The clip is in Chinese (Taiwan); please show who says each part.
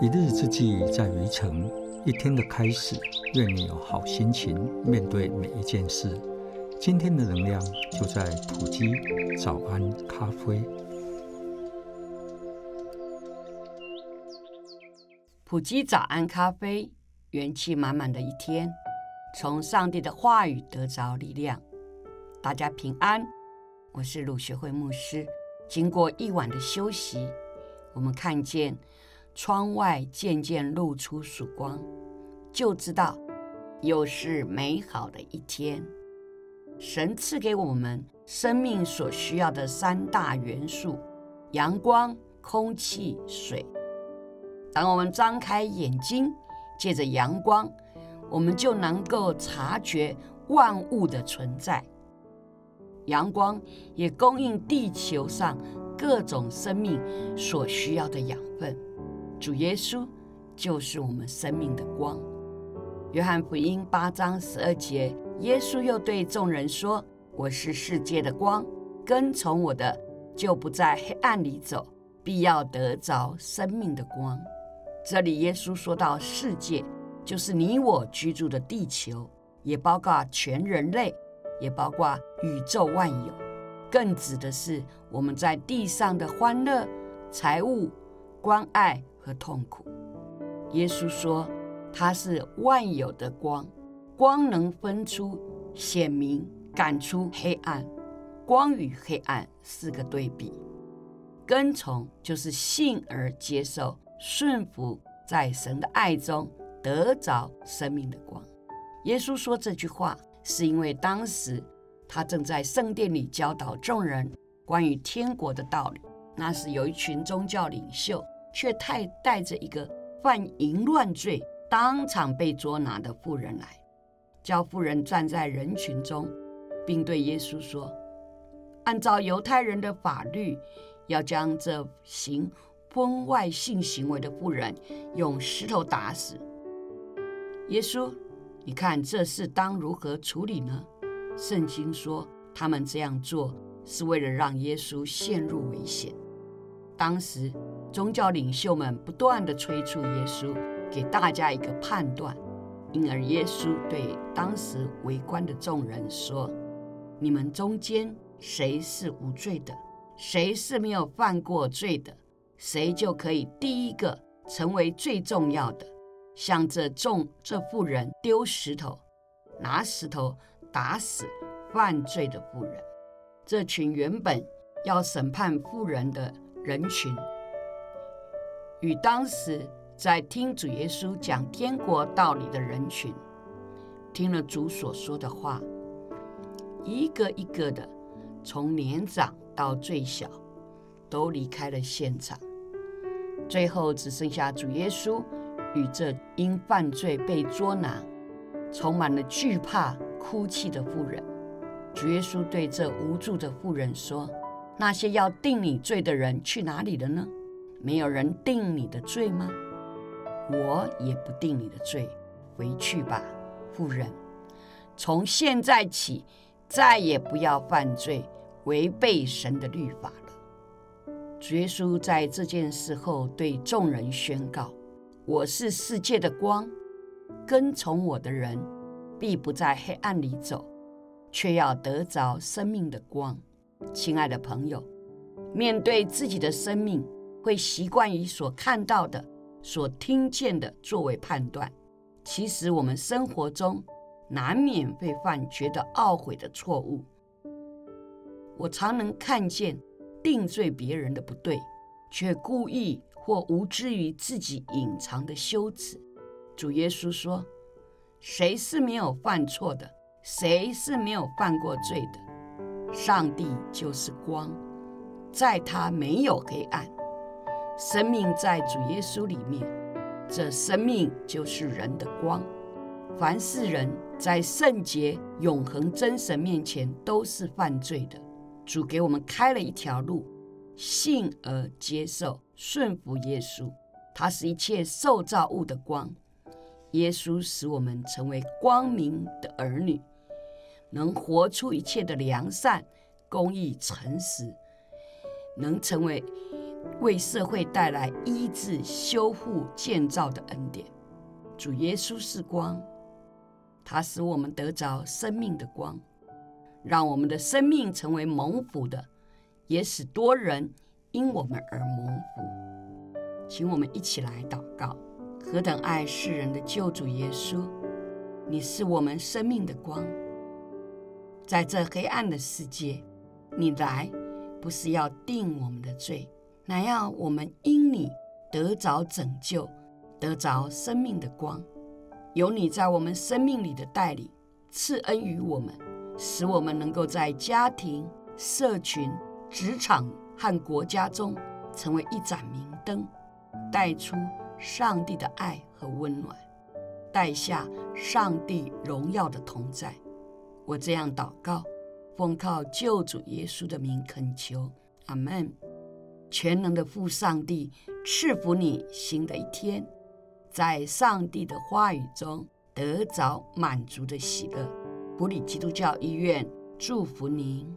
Speaker 1: 一日之計在於晨，一天的開始，願你有好心情面對每一件事。今天的能量就在埔基早安咖啡。埔基早安咖啡，元氣滿滿的一天，從上帝的話語得着力量。大家平安，我是魯學蕙牧師。經過一晚的休息，我們看見窗外漸漸露出曙光，就知道又是美好的一天。神賜給我們生命所需要的三大元素：陽光、空氣、水。當我們張開眼睛，借着陽光，我們就能夠察覺萬物的存在。陽光也供應地球上各種生命所需要的養分。主耶穌就是我們生命的光。約翰福音八章十二節，耶穌又對眾人說：“我是世界的光，跟從我的，就不在黑暗裡走，必要得着生命的光。”這裡耶穌說到世界，就是你我居住的地球，也包括全人類。也包括宇宙萬有，更指的是我們在地上的歡樂、財物、關愛和痛苦。耶穌說，他是萬有的光，光能分出顯明，趕出黑暗。光與黑暗是個對比。跟從就是信而接受，順服在神的愛中得着生命的光。耶穌說這句話。是因為當時他正在聖殿裡教導眾人關於天國的道理，那時有一群宗教領袖卻太帶着一個犯淫亂罪當場被捉拿的婦人來，叫婦人站在人群中，并對耶穌說：“按照猶太人的法律，要將這行婚外性行為的婦人用石頭打死。”耶穌。你看這事當如何處理呢？聖經說，他們這樣做是為了讓耶穌陷入危險。當時，宗教領袖們不斷地催促耶穌給大家一個判斷，因而耶穌對當時圍觀的眾人說：“你們中間誰是無罪的，誰是沒有犯過罪的，誰就可以第一個成為最重要的。”向着眾這婦人丟石頭，拿石頭打死犯罪的婦人。這群原本要審判婦人的人群，與當時在聽主耶穌講天國道理的人群，聽了主所說的話，一個一個的，從年長到最小，都離開了現場。最後只剩下主耶穌。與這因犯罪被捉拿、充滿了懼怕、哭泣的婦人，主耶穌對這無助的婦人說：“那些要定你罪的人去哪裡了呢？沒有人定你的罪嗎？我也不定你的罪。回去吧，婦人，從現在起，再也不要犯罪，違背神的律法了。”主耶穌在這件事後對眾人宣告。我是世界的光，跟從我的人必不在黑暗裡走，卻要得着生命的光。親愛的朋友，面對自己的生命，會習慣於所看到的、所聽見的作為判斷。其實我們生活中難免會犯覺得懊悔的錯誤。我常能看見定罪別人的不對，卻故意。或無知於自己隱藏的羞恥，主耶穌說：“誰是沒有犯錯的？誰是沒有犯過罪的？上帝就是光，在他沒有黑暗。生命在主耶穌裡面，這生命就是人的光。凡是人，在聖潔永恆真神面前都是犯罪的。主給我們開了一條路。”信而接受順服耶穌，他是一切受造物的光。耶穌使我們成為光明的兒女，能活出一切的良善、公義誠實，能成為為社會帶來醫治、修復、建造的恩典。主耶穌是光，他使我們得着生命的光，讓我們的生命成為蒙福的。也使多人因我們而蒙福。請我們一起來禱告：何等愛世人的救主耶穌！你是我們生命的光，在這黑暗的世界，你來不是要定我們的罪，乃要我們因你得着拯救，得着生命的光。有你在我們生命裡的帶領，賜恩於我們，使我們能夠在家庭、社群、職場和國家中成為一盞明燈，帶出上帝的愛和溫暖，帶下上帝榮耀的同在。我這樣禱告，奉靠救主耶穌的名懇求，阿門。全能的父上帝，賜福你新的一天，在上帝的話語中得着滿足的喜樂。埔里基督教醫院祝福您。